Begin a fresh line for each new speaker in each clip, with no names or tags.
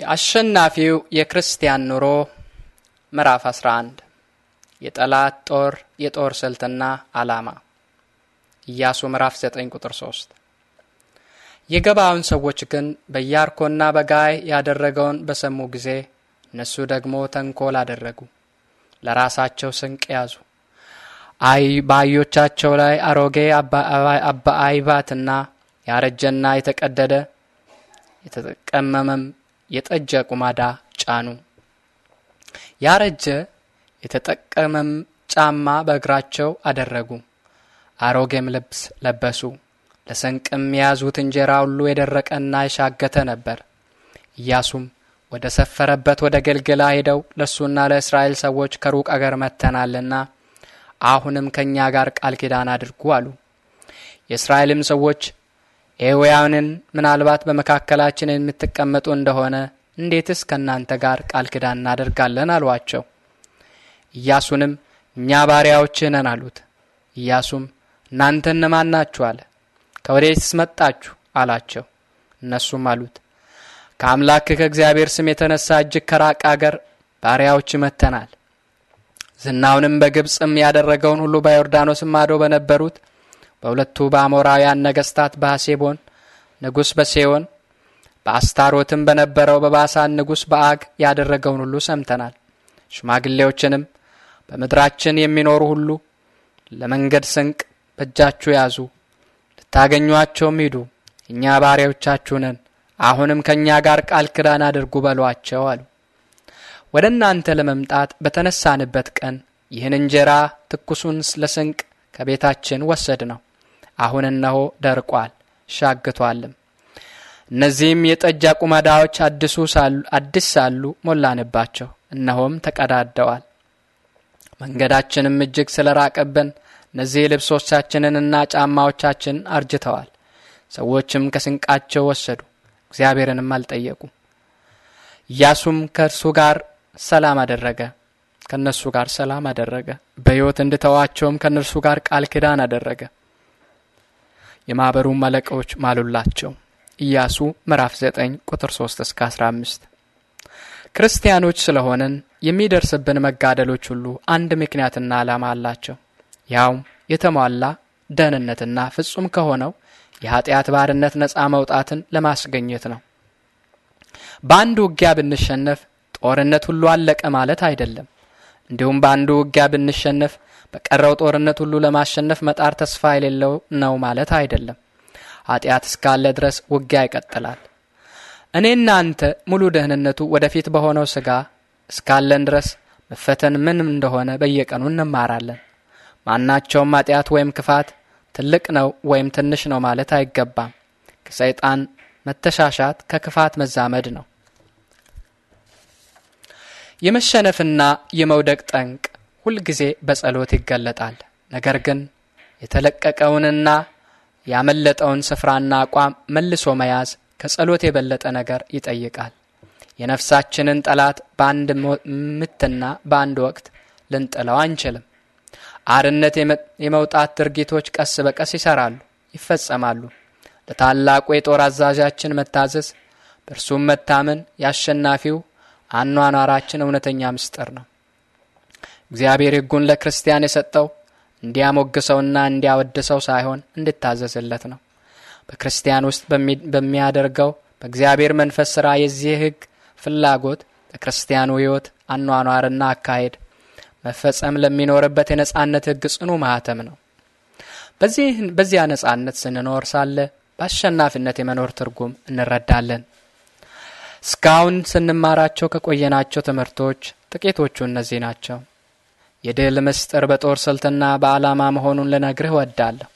የአሸናፊው የክርስቲያን ኑሮ ምዕራፍ 11 የጠላት ጦር የጦር ስልትና ዓላማ ኢያሱ ምዕራፍ 9 ቁጥር 3 የገባውን ሰዎች ግን በያርኮና በጋይ ያደረገውን በሰሙ ጊዜ እነሱ ደግሞ ተንኮል አደረጉ፣ ለራሳቸው ስንቅ ያዙ፣ በአህዮቻቸው ላይ አሮጌ አባአይባትና ያረጀና የተቀደደ የተቀመመም የጠጀ ቁማዳ ጫኑ። ያረጀ የተጠቀመም ጫማ በእግራቸው አደረጉ። አሮጌም ልብስ ለበሱ። ለሰንቅም የያዙት እንጀራ ሁሉ የደረቀና የሻገተ ነበር። ኢያሱም ወደ ሰፈረበት ወደ ገልገላ ሄደው ለእሱና ለእስራኤል ሰዎች ከሩቅ አገር መጥተናልና አሁንም ከእኛ ጋር ቃል ኪዳን አድርጉ አሉ። የእስራኤልም ሰዎች ኤውያንን ምናልባት በመካከላችን የምትቀመጡ እንደሆነ እንዴትስ ከእናንተ ጋር ቃል ኪዳን እናደርጋለን አሏቸው። ኢያሱንም እኛ ባሪያዎችህ ነን አሉት። ኢያሱም እናንተ እነማን ናችሁ አለ። ከወዴትስ መጣችሁ አላቸው። እነሱም አሉት ከአምላክ ከእግዚአብሔር ስም የተነሳ እጅግ ከራቅ አገር ባሪያዎች መጥተናል። ዝናውንም በግብፅም ያደረገውን ሁሉ በዮርዳኖስም ማዶ በነበሩት በሁለቱ በአሞራውያን ነገስታት በሐሴቦን ንጉሥ በሴዮን በአስታሮትም በነበረው በባሳን ንጉሥ በአግ ያደረገውን ሁሉ ሰምተናል። ሽማግሌዎችንም በምድራችን የሚኖሩ ሁሉ ለመንገድ ስንቅ በእጃችሁ ያዙ፣ ልታገኟቸውም ሂዱ፣ እኛ ባሪያዎቻችሁ ነን፣ አሁንም ከእኛ ጋር ቃል ክዳን አድርጉ በሏቸው አሉ። ወደ እናንተ ለመምጣት በተነሳንበት ቀን ይህን እንጀራ ትኩሱን ለስንቅ ከቤታችን ወሰድ ነው አሁን እነሆ ደርቋል ሻግቷልም። እነዚህም የጠጅ ሳሉ አዲስ ሳሉ ሞላንባቸው፣ እነሆም ተቀዳደዋል። መንገዳችንም እጅግ ስለ ራቀብን እነዚህ ልብሶቻችንንና ጫማዎቻችንን አርጅተዋል። ሰዎችም ከስንቃቸው ወሰዱ፣ እግዚአብሔርንም አልጠየቁ። ኢያሱም ከእርሱ ጋር ሰላም አደረገ ከእነሱ ጋር ሰላም አደረገ፣ በሕይወት እንድተዋቸውም ከእነርሱ ጋር ቃል ኪዳን አደረገ። የማኅበሩም አለቃዎች ማሉላቸው። ኢያሱ ምዕራፍ 9 ቁጥር 3 እስከ 15። ክርስቲያኖች ስለሆነን የሚደርስብን መጋደሎች ሁሉ አንድ ምክንያትና ዓላማ አላቸው። ያውም የተሟላ ደህንነትና ፍጹም ከሆነው የኃጢአት ባርነት ነፃ መውጣትን ለማስገኘት ነው። በአንድ ውጊያ ብንሸነፍ ጦርነት ሁሉ አለቀ ማለት አይደለም። እንዲሁም በአንዱ ውጊያ ብንሸነፍ በቀረው ጦርነት ሁሉ ለማሸነፍ መጣር ተስፋ የሌለው ነው ማለት አይደለም። ኃጢአት እስካለ ድረስ ውጊያ ይቀጥላል። እኔ እናንተ ሙሉ ደህንነቱ ወደፊት በሆነው ስጋ እስካለን ድረስ መፈተን ምን እንደሆነ በየቀኑ እንማራለን። ማናቸውም ኃጢአት ወይም ክፋት ትልቅ ነው ወይም ትንሽ ነው ማለት አይገባም። ከሰይጣን መተሻሻት ከክፋት መዛመድ ነው። የመሸነፍና የመውደቅ ጠንቅ ሁልጊዜ በጸሎት ይገለጣል። ነገር ግን የተለቀቀውንና ያመለጠውን ስፍራና አቋም መልሶ መያዝ ከጸሎት የበለጠ ነገር ይጠይቃል። የነፍሳችንን ጠላት በአንድ ምትና በአንድ ወቅት ልንጥለው አንችልም። አርነት የመውጣት ድርጊቶች ቀስ በቀስ ይሰራሉ፣ ይፈጸማሉ። ለታላቁ የጦር አዛዣችን መታዘዝ፣ በእርሱም መታመን የአሸናፊው አኗኗራችን እውነተኛ ምስጢር ነው። እግዚአብሔር ሕጉን ለክርስቲያን የሰጠው እንዲያሞግሰውና እንዲያወድሰው ሳይሆን እንድታዘዝለት ነው። በክርስቲያን ውስጥ በሚያደርገው በእግዚአብሔር መንፈስ ሥራ የዚህ ሕግ ፍላጎት ለክርስቲያኑ ሕይወት አኗኗርና አካሄድ መፈጸም ለሚኖርበት የነጻነት ሕግ ጽኑ ማህተም ነው። በዚያ ነጻነት ስንኖር ሳለ በአሸናፊነት የመኖር ትርጉም እንረዳለን። እስካሁን ስንማራቸው ከቆየናቸው ትምህርቶች ጥቂቶቹ እነዚህ ናቸው። የድል ምስጢር በጦር ስልትና በዓላማ መሆኑን ልነግርህ እወዳለሁ።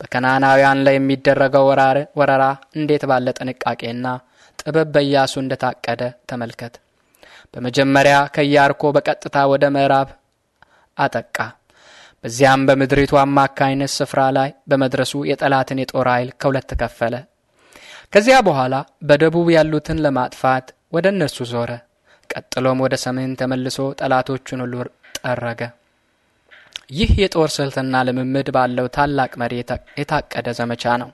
በከናናውያን ላይ የሚደረገው ወረራ እንዴት ባለ ጥንቃቄና ጥበብ በኢያሱ እንደታቀደ ተመልከት። በመጀመሪያ ከኢያሪኮ በቀጥታ ወደ ምዕራብ አጠቃ። በዚያም በምድሪቱ አማካይነት ስፍራ ላይ በመድረሱ የጠላትን የጦር ኃይል ከሁለት ከፈለ። ከዚያ በኋላ በደቡብ ያሉትን ለማጥፋት ወደ እነርሱ ዞረ። ቀጥሎም ወደ ሰሜን ተመልሶ ጠላቶቹን ሁሉ ጠረገ። ይህ የጦር ስልትና ልምምድ ባለው ታላቅ መሪ የታቀደ ዘመቻ ነው።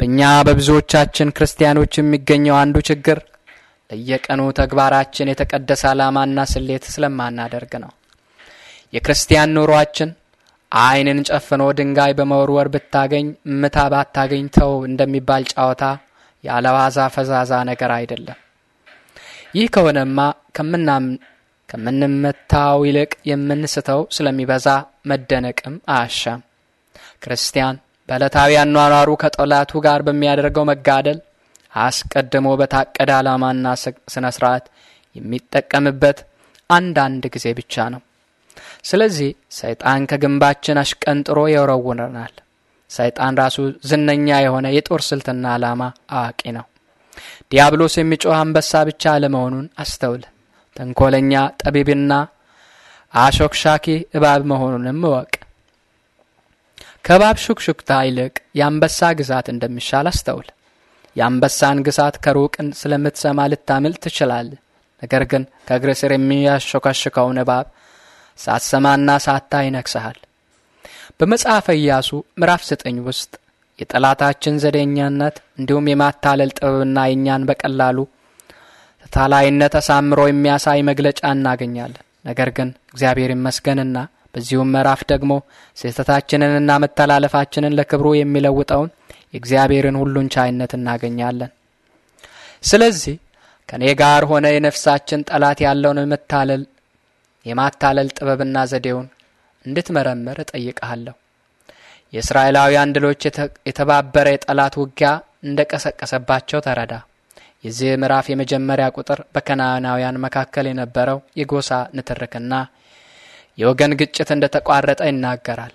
በእኛ በብዙዎቻችን ክርስቲያኖች የሚገኘው አንዱ ችግር ለየቀኑ ተግባራችን የተቀደሰ ዓላማና ስሌት ስለማናደርግ ነው። የክርስቲያን ኑሯችን ዓይንን ጨፍኖ ድንጋይ በመወርወር ብታገኝ ምታ ባታገኝ ተው እንደሚባል ጨዋታ ያለዋዛ ፈዛዛ ነገር አይደለም። ይህ ከሆነማ ከምንመታው ይልቅ የምንስተው ስለሚበዛ መደነቅም አያሻም። ክርስቲያን በዕለታዊ አኗኗሩ ከጠላቱ ጋር በሚያደርገው መጋደል አስቀድሞ በታቀደ ዓላማና ስነ ስርዓት የሚጠቀምበት አንዳንድ ጊዜ ብቻ ነው። ስለዚህ ሰይጣን ከግንባችን አሽቀንጥሮ ይወረውረናል። ሰይጣን ራሱ ዝነኛ የሆነ የጦር ስልትና ዓላማ አዋቂ ነው። ዲያብሎስ የሚጮህ አንበሳ ብቻ አለመሆኑን አስተውል። ተንኮለኛ ጠቢብና አሾክሻኪ እባብ መሆኑንም እወቅ። ከእባብ ሹክሹክታ ይልቅ የአንበሳ ግዛት እንደሚሻል አስተውል። የአንበሳን ግሳት ከሩቅን ስለምትሰማ ልታምል ትችላል። ነገር ግን ከእግር ስር የሚያሾካሽከውን እባብ ሳትሰማና ሳታ ይነክሰሃል። በመጽሐፈ ኢያሱ ምዕራፍ ዘጠኝ ውስጥ የጠላታችን ዘዴኛነት እንዲሁም የማታለል ጥበብና የእኛን በቀላሉ ታላይነት አሳምሮ የሚያሳይ መግለጫ እናገኛለን። ነገር ግን እግዚአብሔር ይመስገንና በዚሁም ምዕራፍ ደግሞ ስህተታችንንና መተላለፋችንን ለክብሩ የሚለውጠውን የእግዚአብሔርን ሁሉን ቻይነት እናገኛለን። ስለዚህ ከእኔ ጋር ሆነ የነፍሳችን ጠላት ያለውን የመታለል የማታለል ጥበብና ዘዴውን እንድትመረምር እጠይቀሃለሁ። የእስራኤላውያን ድሎች የተባበረ የጠላት ውጊያ እንደቀሰቀሰባቸው ተረዳ። የዚህ ምዕራፍ የመጀመሪያ ቁጥር በከናናውያን መካከል የነበረው የጎሳ ንትርክና የወገን ግጭት እንደ ተቋረጠ ይናገራል።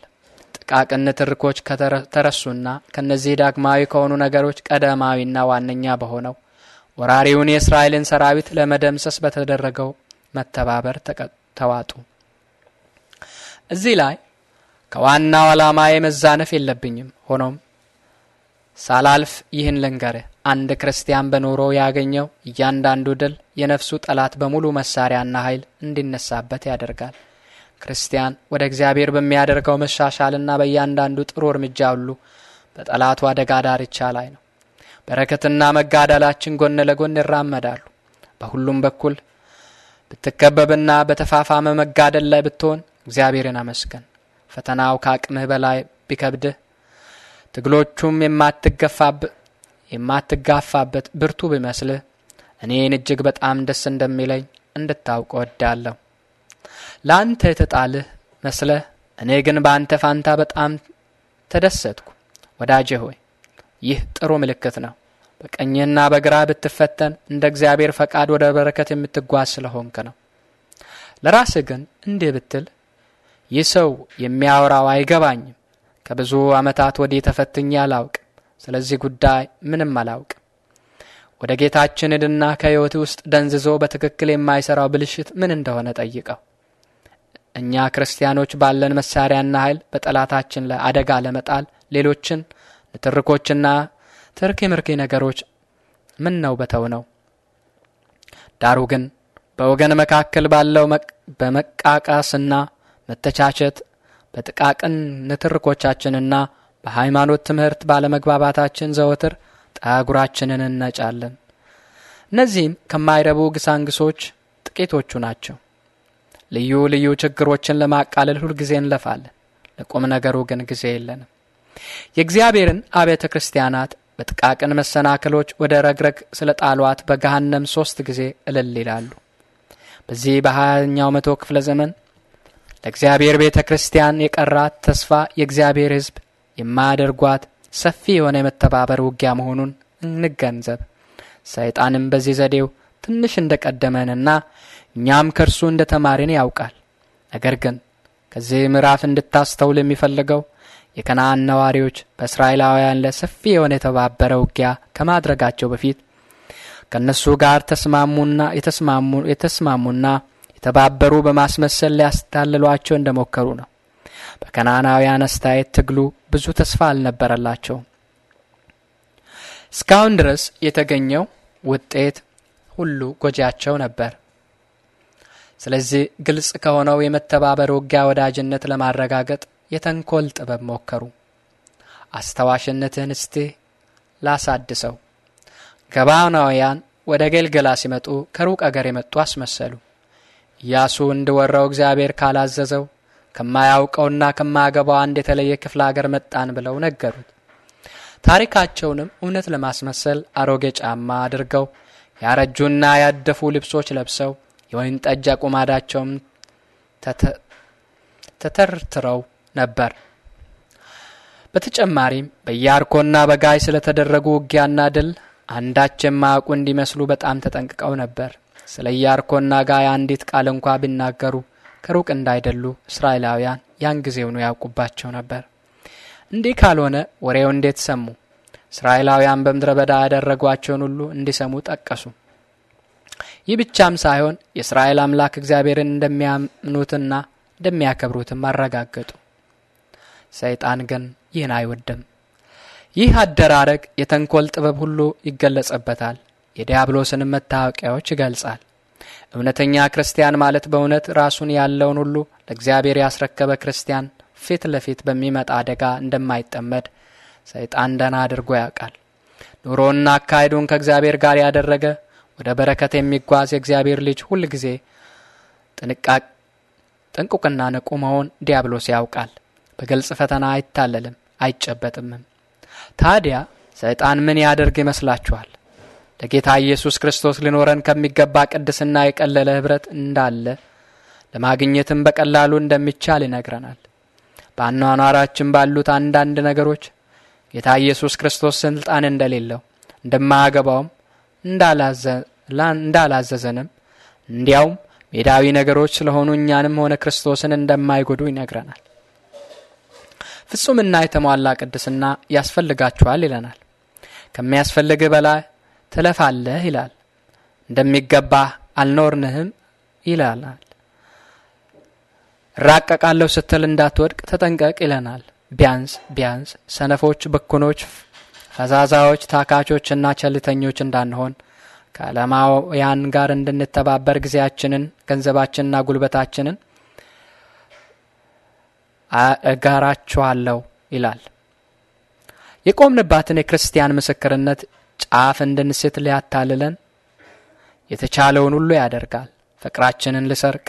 ጥቃቅን ንትርኮች ከተረሱና ከእነዚህ ዳግማዊ ከሆኑ ነገሮች ቀደማዊና ዋነኛ በሆነው ወራሪውን የእስራኤልን ሰራዊት ለመደምሰስ በተደረገው መተባበር ተዋጡ። እዚህ ላይ ከዋናው ዓላማ የመዛነፍ የለብኝም። ሆኖም ሳላልፍ ይህን ልንገርህ። አንድ ክርስቲያን በኑሮ ያገኘው እያንዳንዱ ድል የነፍሱ ጠላት በሙሉ መሳሪያና ኃይል እንዲነሳበት ያደርጋል። ክርስቲያን ወደ እግዚአብሔር በሚያደርገው መሻሻልና በእያንዳንዱ ጥሩ እርምጃ ሁሉ በጠላቱ አደጋ ዳርቻ ላይ ነው። በረከትና መጋደላችን ጎን ለጎን ይራመዳሉ። በሁሉም በኩል ብትከበብና በተፋፋመ መጋደል ላይ ብትሆን እግዚአብሔርን አመስገን። ፈተናው ከአቅምህ በላይ ቢከብድህ ትግሎቹም የማትገፋብ የማትጋፋበት ብርቱ ቢመስልህ እኔን እጅግ በጣም ደስ እንደሚለኝ እንድታውቅ ወዳለሁ ለአንተ የተጣልህ መስለህ እኔ ግን በአንተ ፋንታ በጣም ተደሰትኩ። ወዳጄ ሆይ ይህ ጥሩ ምልክት ነው። በቀኝና በግራ ብትፈተን እንደ እግዚአብሔር ፈቃድ ወደ በረከት የምትጓዝ ስለሆንክ ነው። ለራስህ ግን እንዲህ ብትል ይህ ሰው የሚያወራው አይገባኝም። ከብዙ ዓመታት ወዲህ ተፈትኜ አላውቅ ስለዚህ ጉዳይ ምንም አላውቅ ወደ ጌታችን ሂድና ከሕይወት ውስጥ ደንዝዞ በትክክል የማይሠራው ብልሽት ምን እንደሆነ ጠይቀው። እኛ ክርስቲያኖች ባለን መሳሪያና ኃይል በጠላታችን ላይ አደጋ ለመጣል ሌሎችን ንትርኮችና ትርኪ ምርኪ ነገሮች ምን ነው በተው ነው። ዳሩ ግን በወገን መካከል ባለው በመቃቃስና መተቻቸት በጥቃቅን ንትርኮቻችንና በሃይማኖት ትምህርት ባለመግባባታችን ዘወትር ጠጉራችንን እነጫለን። እነዚህም ከማይረቡ ግሳንግሶች ጥቂቶቹ ናቸው። ልዩ ልዩ ችግሮችን ለማቃለል ሁልጊዜ እንለፋለን። ለቁም ነገሩ ግን ጊዜ የለንም። የእግዚአብሔርን አብያተ ክርስቲያናት በጥቃቅን መሰናክሎች ወደ ረግረግ ስለ ጣሏት በገሃነም ሦስት ጊዜ እልል ይላሉ። በዚህ በሀያኛው መቶ ክፍለ ዘመን ለእግዚአብሔር ቤተ ክርስቲያን የቀራት ተስፋ የእግዚአብሔር ሕዝብ የማያደርጓት ሰፊ የሆነ የመተባበር ውጊያ መሆኑን እንገንዘብ። ሰይጣንም በዚህ ዘዴው ትንሽ እንደ ቀደመንና እኛም ከእርሱ እንደ ተማሪን ያውቃል። ነገር ግን ከዚህ ምዕራፍ እንድታስተውል የሚፈልገው የከነአን ነዋሪዎች በእስራኤላውያን ላይ ሰፊ የሆነ የተባበረ ውጊያ ከማድረጋቸው በፊት ከእነሱ ጋር ተስማሙና የተስማሙና የተባበሩ በማስመሰል ሊያስታልሏቸው እንደሞከሩ ነው። በከናናውያን አስተያየት ትግሉ ብዙ ተስፋ አልነበረላቸው። እስካሁን ድረስ የተገኘው ውጤት ሁሉ ጎጂያቸው ነበር። ስለዚህ ግልጽ ከሆነው የመተባበር ውጊያ ወዳጅነት ለማረጋገጥ የተንኮል ጥበብ ሞከሩ። አስታዋሽነትህን እስቲ ላሳድሰው። ገባናውያን ወደ ገልገላ ሲመጡ ከሩቅ አገር የመጡ አስመሰሉ። ኢያሱ እንዲወራው እግዚአብሔር ካላዘዘው ከማያውቀውና ከማያገባው አንድ የተለየ ክፍለ ሀገር መጣን ብለው ነገሩት። ታሪካቸውንም እውነት ለማስመሰል አሮጌ ጫማ አድርገው ያረጁና ያደፉ ልብሶች ለብሰው የወይን ጠጅ አቁማዳቸውም ተተርትረው ነበር። በተጨማሪም በያርኮና በጋይ ስለተደረጉ ውጊያና ድል አንዳች የማያውቁ እንዲመስሉ በጣም ተጠንቅቀው ነበር። ስለ ያርኮና ጋይ አንዲት ቃል እንኳ ቢናገሩ ከሩቅ እንዳይደሉ እስራኤላውያን ያን ጊዜውኑ ያውቁባቸው ነበር። እንዲህ ካልሆነ ወሬው እንዴት ሰሙ? እስራኤላውያን በምድረ በዳ ያደረጓቸውን ሁሉ እንዲሰሙ ጠቀሱ። ይህ ብቻም ሳይሆን የእስራኤል አምላክ እግዚአብሔርን እንደሚያምኑትና እንደሚያከብሩትም አረጋገጡ። ሰይጣን ግን ይህን አይወድም። ይህ አደራረግ የተንኮል ጥበብ ሁሉ ይገለጸበታል። የዲያብሎስንም መታወቂያዎች ይገልጻል። እውነተኛ ክርስቲያን ማለት በእውነት ራሱን ያለውን ሁሉ ለእግዚአብሔር ያስረከበ ክርስቲያን ፊት ለፊት በሚመጣ አደጋ እንደማይጠመድ ሰይጣን ደህና አድርጎ ያውቃል። ኑሮና አካሄዱን ከእግዚአብሔር ጋር ያደረገ ወደ በረከት የሚጓዝ የእግዚአብሔር ልጅ ሁል ጊዜ ጥንቁቅና ንቁ መሆን ዲያብሎስ ያውቃል። በግልጽ ፈተና አይታለልም አይጨበጥምም። ታዲያ ሰይጣን ምን ያደርግ ይመስላችኋል? ለጌታ ኢየሱስ ክርስቶስ ሊኖረን ከሚገባ ቅድስና የቀለለ ኅብረት እንዳለ ለማግኘትም በቀላሉ እንደሚቻል ይነግረናል። በአኗኗራችን ባሉት አንዳንድ ነገሮች ጌታ ኢየሱስ ክርስቶስ ስልጣን እንደሌለው እንደማያገባውም እንዳላዘዘንም እንዲያውም ሜዳዊ ነገሮች ስለሆኑ እኛንም ሆነ ክርስቶስን እንደማይጎዱ ይነግረናል። ፍጹምና የተሟላ ቅድስና ያስፈልጋችኋል ይለናል። ከሚያስፈልግህ በላይ ትለፋለህ ይላል። እንደሚገባ አልኖርንህም ይላላል። ራቀቃለሁ ስትል እንዳትወድቅ ተጠንቀቅ ይለናል። ቢያንስ ቢያንስ ሰነፎች፣ ብኩኖች፣ ፈዛዛዎች፣ ታካቾችና ቸልተኞች እንዳንሆን ከዓለማውያን ጋር እንድንተባበር ጊዜያችንን፣ ገንዘባችንና ጉልበታችንን እጋራችኋለሁ ይላል። የቆምንባትን የክርስቲያን ምስክርነት ጫፍ እንድንስት ሊያታልለን የተቻለውን ሁሉ ያደርጋል። ፍቅራችንን ልሰርቅ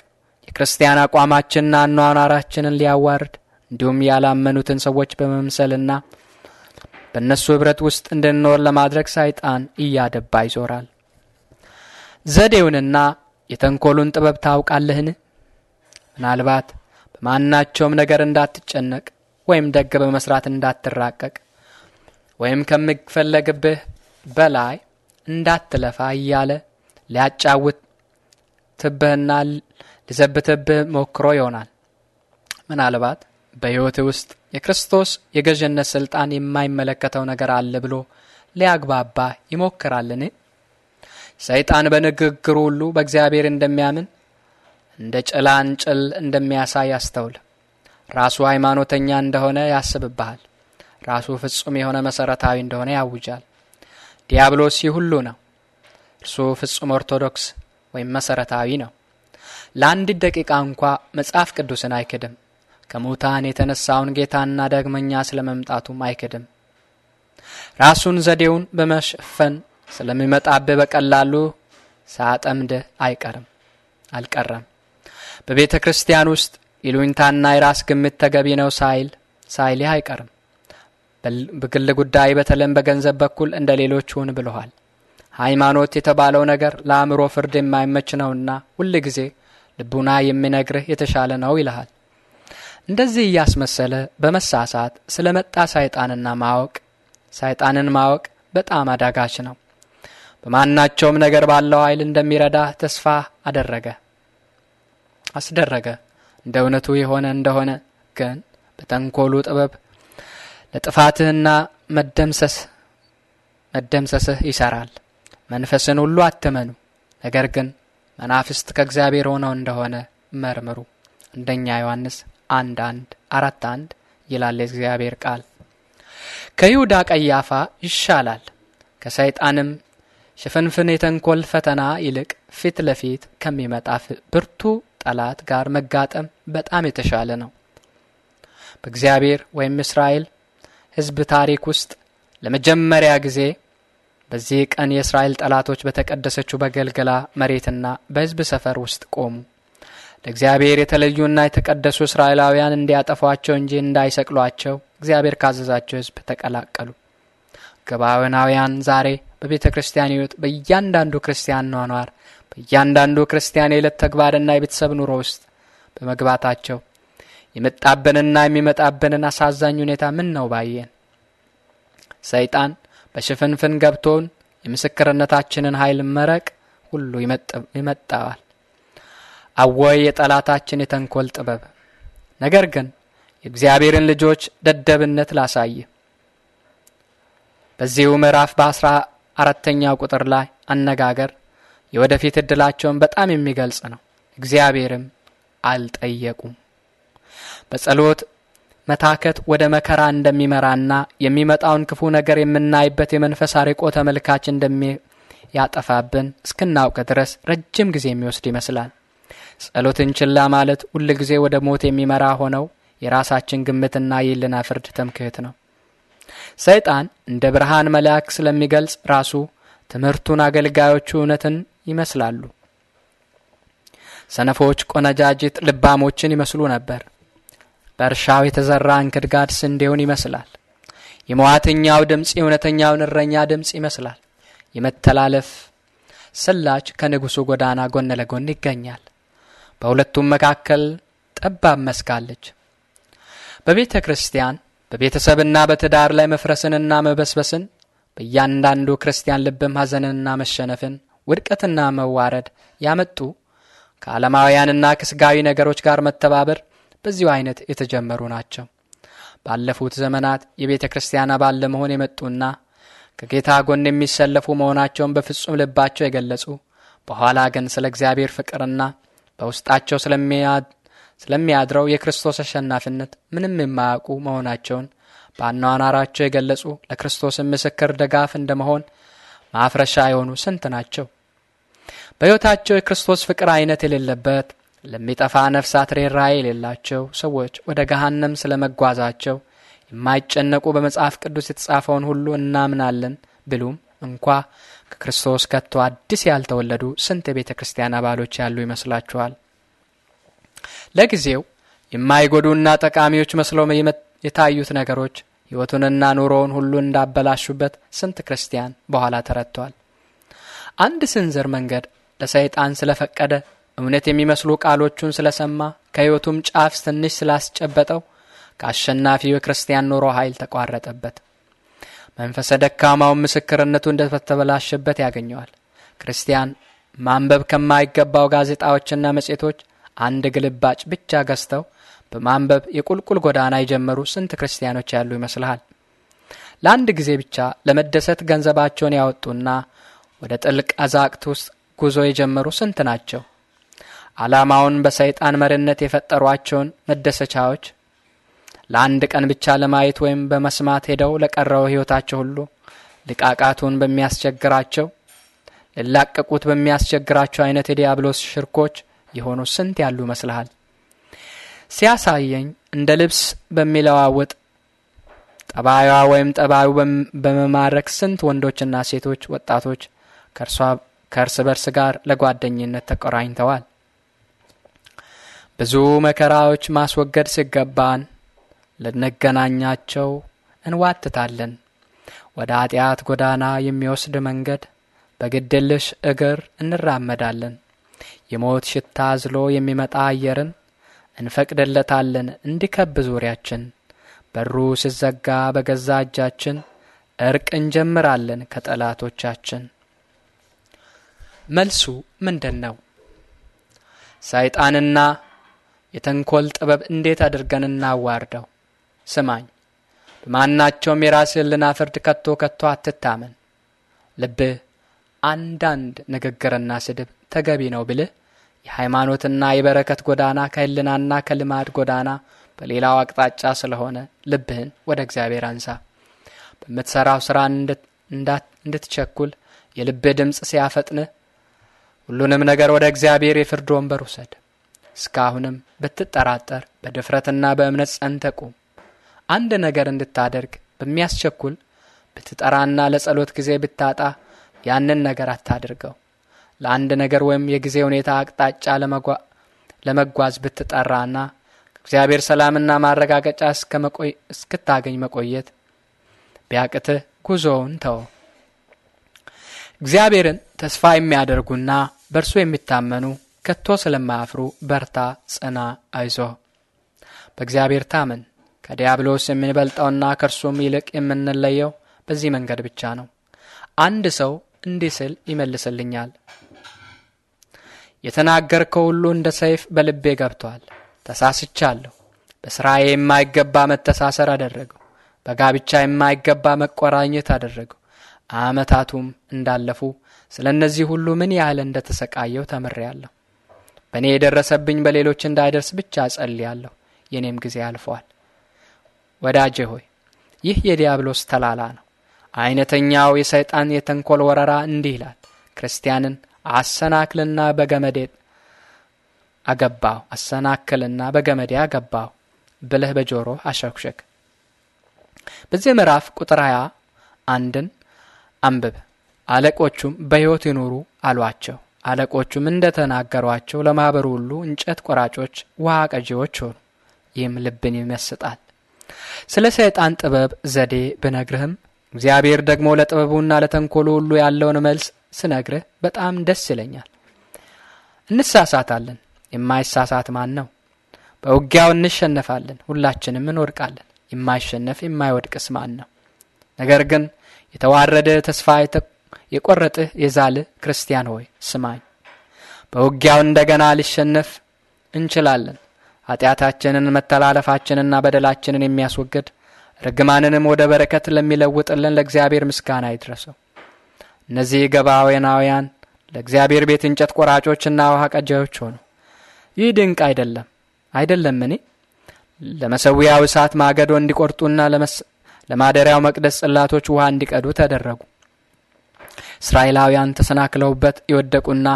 የክርስቲያን አቋማችንና አኗኗራችንን ሊያዋርድ እንዲሁም ያላመኑትን ሰዎች በመምሰልና በእነሱ ኅብረት ውስጥ እንድንኖር ለማድረግ ሰይጣን እያደባ ይዞራል። ዘዴውንና የተንኮሉን ጥበብ ታውቃለህን? ምናልባት በማናቸውም ነገር እንዳትጨነቅ ወይም ደግ በመስራት እንዳትራቀቅ ወይም ከሚፈለግብህ በላይ እንዳትለፋ እያለ ሊያጫውት ትብህና ሊዘብትብህ ሞክሮ ይሆናል። ምናልባት በሕይወት ውስጥ የክርስቶስ የገዥነት ሥልጣን የማይመለከተው ነገር አለ ብሎ ሊያግባባ ይሞክራልን? ሰይጣን በንግግሩ ሁሉ በእግዚአብሔር እንደሚያምን እንደ ጭላንጭል እንደሚያሳይ አስተውል። ራሱ ሃይማኖተኛ እንደሆነ ያስብብሃል። ራሱ ፍጹም የሆነ መሠረታዊ እንደሆነ ያውጃል። ዲያብሎስ ይህ ሁሉ ነው። እርሱ ፍጹም ኦርቶዶክስ ወይም መሰረታዊ ነው። ለአንድ ደቂቃ እንኳ መጽሐፍ ቅዱስን አይክድም። ከሙታን የተነሳውን ጌታና ዳግመኛ ስለ መምጣቱም አይክድም። ራሱን ዘዴውን በመሸፈን ስለሚመጣብህ በቀላሉ ሳጠምድ አይቀርም አልቀረም። በቤተ ክርስቲያን ውስጥ ይሉኝታና የራስ ግምት ተገቢ ነው ሳይል ሳይልህ አይቀርም። በግል ጉዳይ በተለም በገንዘብ በኩል እንደ ሌሎች ሁን ብለዋል። ሃይማኖት የተባለው ነገር ለአእምሮ ፍርድ የማይመች ነውና ሁል ጊዜ ልቡና የሚነግርህ የተሻለ ነው ይልሃል። እንደዚህ እያስመሰለ በመሳሳት ስለ መጣ ሰይጣንና ማወቅ ሰይጣንን ማወቅ በጣም አዳጋች ነው። በማናቸውም ነገር ባለው ኃይል እንደሚረዳ ተስፋ አደረገ አስደረገ። እንደ እውነቱ የሆነ እንደሆነ ግን በተንኮሉ ጥበብ ለጥፋትህና መደምሰስ መደምሰስህ ይሰራል። መንፈስን ሁሉ አትመኑ፣ ነገር ግን መናፍስት ከእግዚአብሔር ሆነው እንደሆነ መርምሩ። አንደኛ ዮሐንስ አንድ አንድ አራት አንድ ይላል የእግዚአብሔር ቃል። ከይሁዳ ቀያፋ ይሻላል ከሰይጣንም ሽፍንፍን የተንኮል ፈተና ይልቅ ፊት ለፊት ከሚመጣ ብርቱ ጠላት ጋር መጋጠም በጣም የተሻለ ነው። በእግዚአብሔር ወይም እስራኤል ሕዝብ ታሪክ ውስጥ ለመጀመሪያ ጊዜ በዚህ ቀን የእስራኤል ጠላቶች በተቀደሰችው በገልገላ መሬትና በሕዝብ ሰፈር ውስጥ ቆሙ። ለእግዚአብሔር የተለዩና የተቀደሱ እስራኤላውያን እንዲያጠፏቸው እንጂ እንዳይሰቅሏቸው እግዚአብሔር ካዘዛቸው ሕዝብ ተቀላቀሉ። ገባዖናውያን ዛሬ በቤተ ክርስቲያን ሕይወት፣ በእያንዳንዱ ክርስቲያን ኗኗር፣ በእያንዳንዱ ክርስቲያን የዕለት ተግባርና የቤተሰብ ኑሮ ውስጥ በመግባታቸው የመጣበንና የሚመጣበንን አሳዛኝ ሁኔታ ምን ነው ባየን። ሰይጣን በሽፍንፍን ገብቶን የምስክርነታችንን ኃይል መረቅ ሁሉ ይመጣዋል። አወይ የጠላታችን የተንኮል ጥበብ! ነገር ግን የእግዚአብሔርን ልጆች ደደብነት ላሳይ። በዚሁ ምዕራፍ በአስራ አራተኛው ቁጥር ላይ አነጋገር የወደፊት ዕድላቸውን በጣም የሚገልጽ ነው። እግዚአብሔርም አልጠየቁም። በጸሎት መታከት ወደ መከራ እንደሚመራና የሚመጣውን ክፉ ነገር የምናይበት የመንፈስ አርቆ ተመልካች እንደሚያጠፋብን እስክናውቅ ድረስ ረጅም ጊዜ የሚወስድ ይመስላል። ጸሎትን ችላ ማለት ሁል ጊዜ ወደ ሞት የሚመራ ሆነው የራሳችን ግምትና የልና ፍርድ ትምክህት ነው። ሰይጣን እንደ ብርሃን መልአክ ስለሚገልጽ ራሱ ትምህርቱን አገልጋዮቹ እውነትን ይመስላሉ። ሰነፎች ቆነጃጅት ልባሞችን ይመስሉ ነበር። በእርሻው የተዘራ እንክድጋድ ስንዴውን ይመስላል። የመዋተኛው ድምፅ የእውነተኛውን እረኛ ድምፅ ይመስላል። የመተላለፍ ስላች ከንጉሡ ጎዳና ጎን ለጎን ይገኛል። በሁለቱም መካከል ጠባብ መስካለች። በቤተ ክርስቲያን በቤተሰብና በትዳር ላይ መፍረስንና መበስበስን በእያንዳንዱ ክርስቲያን ልብም ሐዘንንና መሸነፍን ውድቀትና መዋረድ ያመጡ ከዓለማውያንና ከስጋዊ ነገሮች ጋር መተባበር በዚሁ አይነት የተጀመሩ ናቸው። ባለፉት ዘመናት የቤተ ክርስቲያን አባል ለመሆን የመጡና ከጌታ ጎን የሚሰለፉ መሆናቸውን በፍጹም ልባቸው የገለጹ በኋላ ግን ስለ እግዚአብሔር ፍቅርና በውስጣቸው ስለሚያድረው የክርስቶስ አሸናፊነት ምንም የማያውቁ መሆናቸውን በአኗኗራቸው የገለጹ ለክርስቶስን ምስክር ድጋፍ እንደመሆን ማፍረሻ የሆኑ ስንት ናቸው? በሕይወታቸው የክርስቶስ ፍቅር አይነት የሌለበት ለሚጠፋ ነፍሳት ርኅራኄ የሌላቸው ሰዎች ወደ ገሃነም ስለ መጓዛቸው የማይጨነቁ በመጽሐፍ ቅዱስ የተጻፈውን ሁሉ እናምናለን ብሉም እንኳ ከክርስቶስ ከቶ አዲስ ያልተወለዱ ስንት የቤተ ክርስቲያን አባሎች ያሉ ይመስላችኋል? ለጊዜው የማይጎዱና ጠቃሚዎች መስለው የታዩት ነገሮች ሕይወቱንና ኑሮውን ሁሉ እንዳበላሹበት ስንት ክርስቲያን በኋላ ተረድቷል። አንድ ስንዝር መንገድ ለሰይጣን ስለፈቀደ እውነት የሚመስሉ ቃሎቹን ስለሰማ ከሕይወቱም ጫፍ ትንሽ ስላስጨበጠው ከአሸናፊው የክርስቲያን ኑሮ ኃይል ተቋረጠበት። መንፈሰ ደካማውን ምስክርነቱ እንደተበላሸበት ያገኘዋል። ክርስቲያን ማንበብ ከማይገባው ጋዜጣዎችና መጽሔቶች አንድ ግልባጭ ብቻ ገዝተው በማንበብ የቁልቁል ጎዳና የጀመሩ ስንት ክርስቲያኖች ያሉ ይመስልሃል? ለአንድ ጊዜ ብቻ ለመደሰት ገንዘባቸውን ያወጡና ወደ ጥልቅ አዛቅት ውስጥ ጉዞ የጀመሩ ስንት ናቸው? ዓላማውን በሰይጣን መሪነት የፈጠሯቸውን መደሰቻዎች ለአንድ ቀን ብቻ ለማየት ወይም በመስማት ሄደው ለቀረው ሕይወታቸው ሁሉ ልቃቃቱን በሚያስቸግራቸው ልላቀቁት በሚያስቸግራቸው አይነት የዲያብሎስ ሽርኮች የሆኑ ስንት ያሉ መስልሃል? ሲያሳየኝ እንደ ልብስ በሚለዋውጥ ጠባዩዋ ወይም ጠባዩ በመማረክ ስንት ወንዶችና ሴቶች ወጣቶች ከእርስ በርስ ጋር ለጓደኝነት ተቆራኝተዋል። ብዙ መከራዎች ማስወገድ ሲገባን ልንገናኛቸው እንዋትታለን። ወደ ኃጢአት ጎዳና የሚወስድ መንገድ በግድልሽ እግር እንራመዳለን። የሞት ሽታ ዝሎ የሚመጣ አየርን እንፈቅድለታለን እንዲከብ ዙሪያችን። በሩ ሲዘጋ በገዛ እጃችን እርቅ እንጀምራለን ከጠላቶቻችን። መልሱ ምንድን ነው? ሰይጣንና የተንኮል ጥበብ እንዴት አድርገን እናዋርደው? ስማኝ፣ በማናቸውም የራስ ህልና ፍርድ ከቶ ከቶ አትታመን። ልብህ አንዳንድ ንግግርና ስድብ ተገቢ ነው ብልህ የሃይማኖትና የበረከት ጎዳና ከህልናና ከልማድ ጎዳና በሌላው አቅጣጫ ስለሆነ ልብህን ወደ እግዚአብሔር አንሳ። በምትሠራው ሥራ እንድትቸኩል የልብህ ድምፅ ሲያፈጥንህ ሁሉንም ነገር ወደ እግዚአብሔር የፍርድ ወንበር ውሰድ። እስካሁንም ብትጠራጠር በድፍረትና በእምነት ጸንተ ቁም። አንድ ነገር እንድታደርግ በሚያስቸኩል ብትጠራና ለጸሎት ጊዜ ብታጣ ያንን ነገር አታድርገው። ለአንድ ነገር ወይም የጊዜ ሁኔታ አቅጣጫ ለመጓዝ ብትጠራና ከእግዚአብሔር ሰላምና ማረጋገጫ እስክታገኝ መቆየት ቢያቅትህ ጉዞውን ተው። እግዚአብሔርን ተስፋ የሚያደርጉና በእርሱ የሚታመኑ ከቶ ስለማያፍሩ በርታ፣ ጽና፣ አይዞ በእግዚአብሔር ታምን ከዲያብሎስ የምንበልጠውና ከእርሱም ይልቅ የምንለየው በዚህ መንገድ ብቻ ነው። አንድ ሰው እንዲህ ስል ይመልስልኛል፣ የተናገርከው ሁሉ እንደ ሰይፍ በልቤ ገብቷል። ተሳስቻለሁ። በሥራዬ የማይገባ መተሳሰር አደረገው። በጋብቻ የማይገባ መቆራኘት አደረገው። ዓመታቱም እንዳለፉ ስለ እነዚህ ሁሉ ምን ያህል እንደ ተሰቃየው ተምሬያለሁ። በእኔ የደረሰብኝ በሌሎች እንዳይደርስ ብቻ ጸልያለሁ። የእኔም ጊዜ አልፏል። ወዳጄ ሆይ ይህ የዲያብሎስ ተላላ ነው። አይነተኛው የሰይጣን የተንኮል ወረራ እንዲህ ይላል፣ ክርስቲያንን አሰናክልና በገመዴ አገባው አሰናክልና በገመዴ አገባው ብለህ በጆሮ አሸክሸክ። በዚህ ምዕራፍ ቁጥር ሀያ አንድን አንብብ። አለቆቹም በሕይወት ይኑሩ አሏቸው። አለቆቹም እንደተናገሯቸው ለማኅበሩ ሁሉ እንጨት ቆራጮች፣ ውሃ ቀዢዎች ሆኑ። ይህም ልብን ይመስጣል። ስለ ሰይጣን ጥበብ ዘዴ ብነግርህም እግዚአብሔር ደግሞ ለጥበቡና ለተንኮሉ ሁሉ ያለውን መልስ ስነግርህ በጣም ደስ ይለኛል። እንሳሳታለን። የማይሳሳት ማን ነው? በውጊያው እንሸነፋለን፣ ሁላችንም እንወድቃለን። የማይሸነፍ የማይወድቅስ ማን ነው? ነገር ግን የተዋረደ ተስፋ የቆረጥህ የዛልህ ክርስቲያን ሆይ ስማኝ። በውጊያው እንደገና ሊሸነፍ እንችላለን። ኃጢአታችንን መተላለፋችንና በደላችንን የሚያስወግድ ርግማንንም ወደ በረከት ለሚለውጥልን ለእግዚአብሔር ምስጋና ይድረሰው። እነዚህ ገባዌናውያን ለእግዚአብሔር ቤት እንጨት ቆራጮችና ውሃ ቀጃዮች ሆኑ። ይህ ድንቅ አይደለም አይደለም? እኔ ለመሰዊያው እሳት ማገዶ እንዲቆርጡና ለማደሪያው መቅደስ ጽላቶች ውሃ እንዲቀዱ ተደረጉ። እስራኤላውያን ተሰናክለውበት የወደቁና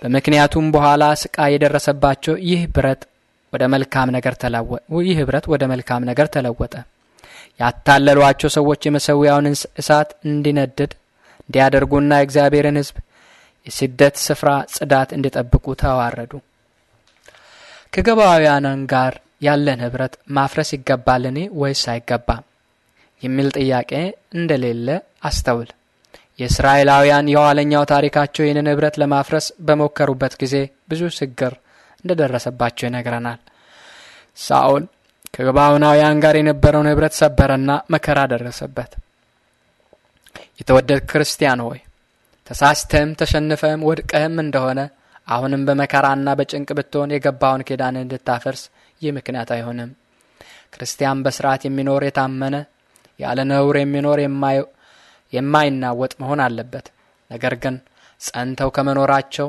በምክንያቱም በኋላ ስቃይ የደረሰባቸው ይህ ብረት ወደ መልካም ነገር ተለወጠ። ይህ ህብረት ወደ መልካም ነገር ተለወጠ። ያታለሏቸው ሰዎች የመሰዊያውን እሳት እንዲነድድ እንዲያደርጉና የእግዚአብሔርን ሕዝብ የስደት ስፍራ ጽዳት እንዲጠብቁ ተዋረዱ። ከገባውያንን ጋር ያለን ህብረት ማፍረስ ይገባልን ወይስ አይገባም የሚል ጥያቄ እንደሌለ አስተውል። የእስራኤላውያን የኋለኛው ታሪካቸው ይህንን ኅብረት ለማፍረስ በሞከሩበት ጊዜ ብዙ ችግር እንደደረሰባቸው ይነግረናል። ሳኦል ከገባዖናውያን ጋር የነበረውን ኅብረት ሰበረና መከራ ደረሰበት። የተወደድ ክርስቲያን ሆይ ተሳስተህም ተሸንፈህም ወድቀህም እንደሆነ አሁንም በመከራና በጭንቅ ብትሆን የገባውን ኪዳን እንድታፈርስ ይህ ምክንያት አይሆንም። ክርስቲያን በስርዓት የሚኖር የታመነ ያለ ነውር የሚኖር የማይናወጥ መሆን አለበት። ነገር ግን ጸንተው ከመኖራቸው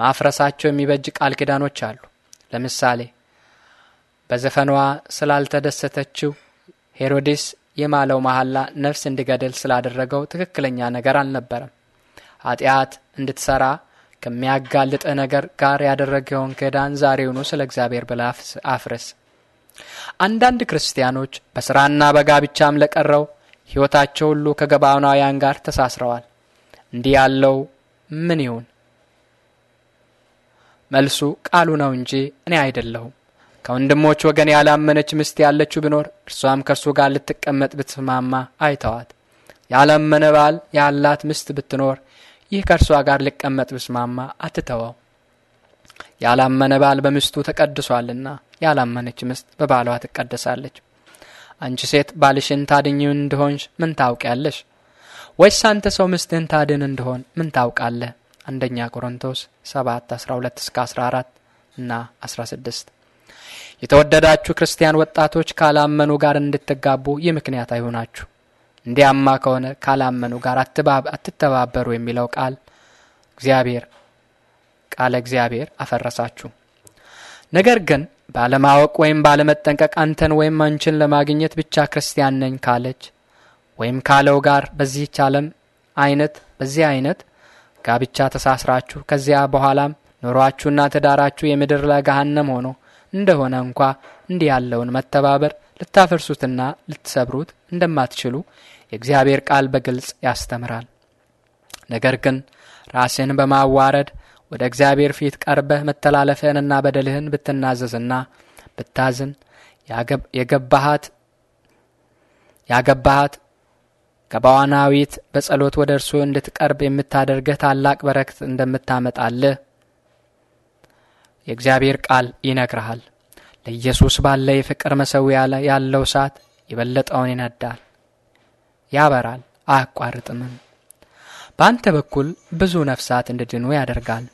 ማፍረሳቸው የሚበጅ ቃል ኪዳኖች አሉ። ለምሳሌ በዘፈኗ ስላልተደሰተችው ሄሮድስ የማለው መሐላ ነፍስ እንዲገድል ስላደረገው ትክክለኛ ነገር አልነበረም። ኃጢአት እንድትሰራ ከሚያጋልጥህ ነገር ጋር ያደረገውን ክዳን ዛሬውኑ ስለ እግዚአብሔር ብላ አፍርስ። አንዳንድ ክርስቲያኖች በሥራና በጋብቻም ለቀረው ሕይወታቸው ሁሉ ከገባዖናውያን ጋር ተሳስረዋል። እንዲህ ያለው ምን ይሁን? መልሱ ቃሉ ነው እንጂ እኔ አይደለሁም። ከወንድሞች ወገን ያላመነች ሚስት ያለችው ቢኖር እርሷም ከእርሱ ጋር ልትቀመጥ ብትስማማ አይተዋት። ያላመነ ባል ያላት ሚስት ብትኖር ይህ ከእርሷ ጋር ልቀመጥ ብስማማ አትተወው። ያላመነ ባል በሚስቱ ተቀድሷልና ያላመነች ሚስት በባሏ ትቀደሳለች። አንቺ ሴት ባልሽን ታድኝ እንደሆንሽ ምን ታውቂያለሽ? ወይስ አንተ ሰው ምስትን ታድን እንደሆን ምን ታውቃለህ? አንደኛ ቆሮንቶስ 7 12 እስከ 14 እና 16። የተወደዳችሁ ክርስቲያን ወጣቶች ካላመኑ ጋር እንድትጋቡ ይህ ምክንያት አይሆናችሁ። እንዲያማ ከሆነ ካላመኑ ጋር አትተባበሩ የሚለው ቃል እግዚአብሔር ቃለ እግዚአብሔር አፈረሳችሁ። ነገር ግን ባለማወቅ ወይም ባለመጠንቀቅ አንተን ወይም አንቺን ለማግኘት ብቻ ክርስቲያን ነኝ ካለች ወይም ካለው ጋር በዚህች ዓለም አይነት በዚህ አይነት ጋብቻ ተሳስራችሁ ከዚያ በኋላም ኑሯችሁና ትዳራችሁ የምድር ላይ ሆኖ እንደሆነ እንኳ እንዲህ ያለውን መተባበር ልታፈርሱትና ልትሰብሩት እንደማትችሉ የእግዚአብሔር ቃል በግልጽ ያስተምራል። ነገር ግን ራስን በማዋረድ ወደ እግዚአብሔር ፊት ቀርበህ መተላለፍህንና በደልህን ብትናዘዝና ብታዝን የገባሃት ያገባሃት ከባዋናዊት በጸሎት ወደ እርሱ እንድትቀርብ የምታደርገህ ታላቅ በረክት እንደምታመጣልህ የእግዚአብሔር ቃል ይነግርሃል። ለኢየሱስ ባለ የፍቅር መሠዊያ ላይ ያለው እሳት የበለጠውን ይነዳል፣ ያበራል፣ አያቋርጥምም። በአንተ በኩል ብዙ ነፍሳት እንዲድኑ ያደርጋል።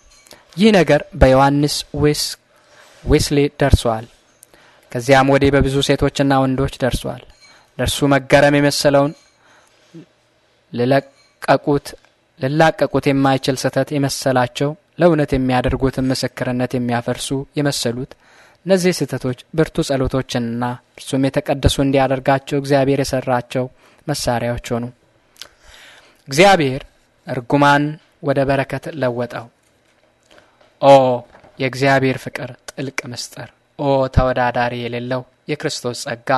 ይህ ነገር በዮሐንስ ዌስሌ ደርሷል። ከዚያም ወዲህ በብዙ ሴቶችና ወንዶች ደርሷል። ለእርሱ መገረም የመሰለውን ልለቀቁት ልላቀቁት የማይችል ስህተት የመሰላቸው ለእውነት የሚያደርጉትን ምስክርነት የሚያፈርሱ የመሰሉት እነዚህ ስህተቶች ብርቱ ጸሎቶችንና እርሱም የተቀደሱ እንዲያደርጋቸው እግዚአብሔር የሰራቸው መሳሪያዎች ሆኑ። እግዚአብሔር እርጉማን ወደ በረከት ለወጠው። ኦ የእግዚአብሔር ፍቅር ጥልቅ ምስጢር! ኦ ተወዳዳሪ የሌለው የክርስቶስ ጸጋ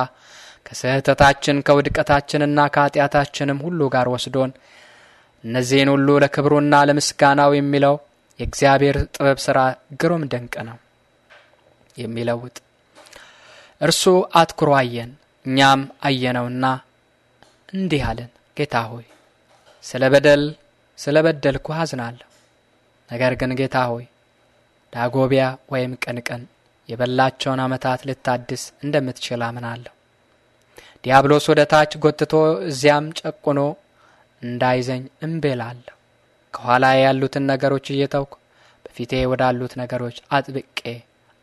ከስህተታችን ከውድቀታችንና ከኃጢአታችንም ሁሉ ጋር ወስዶን እነዚህን ሁሉ ለክብሩና ለምስጋናው የሚለው የእግዚአብሔር ጥበብ ሥራ ግሩም ድንቅ ነው። የሚለውጥ እርሱ አትኩሮ አየን፣ እኛም አየነውና እንዲህ አለን፣ ጌታ ሆይ ስለ በደል ስለ በደልኩ አዝናለሁ። ነገር ግን ጌታ ሆይ ዳጎቢያ ወይም ቅንቅን የበላቸውን ዓመታት ልታድስ እንደምትችል አምናለሁ። ዲያብሎስ ወደ ታች ጎትቶ እዚያም ጨቁኖ እንዳይዘኝ እምቤላለሁ። ከኋላ ያሉትን ነገሮች እየተውኩ በፊቴ ወዳሉት ነገሮች አጥብቄ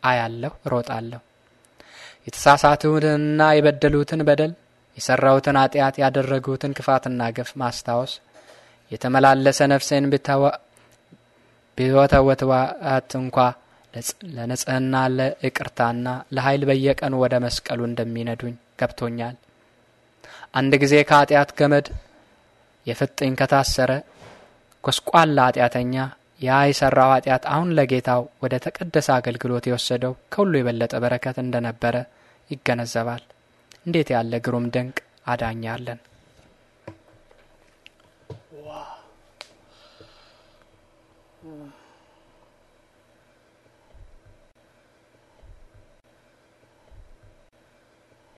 አያለሁ፣ እሮጣለሁ። የተሳሳቱትንና የበደሉትን በደል የሠራሁትን ኃጢአት ያደረጉትን ክፋትና ግፍ ማስታወስ የተመላለሰ ነፍሴን በሕይወተ እንኳ ለንጽህና ለይቅርታና ለኃይል በየቀኑ ወደ መስቀሉ እንደሚነዱኝ ገብቶኛል። አንድ ጊዜ ከኃጢአት ገመድ የፍጥኝ ከታሰረ ጎስቋላ ኃጢአተኛ ያ የሠራው ኃጢአት አሁን ለጌታው ወደ ተቀደሰ አገልግሎት የወሰደው ከሁሉ የበለጠ በረከት እንደነበረ ይገነዘባል። እንዴት ያለ ግሩም ድንቅ አዳኛለን!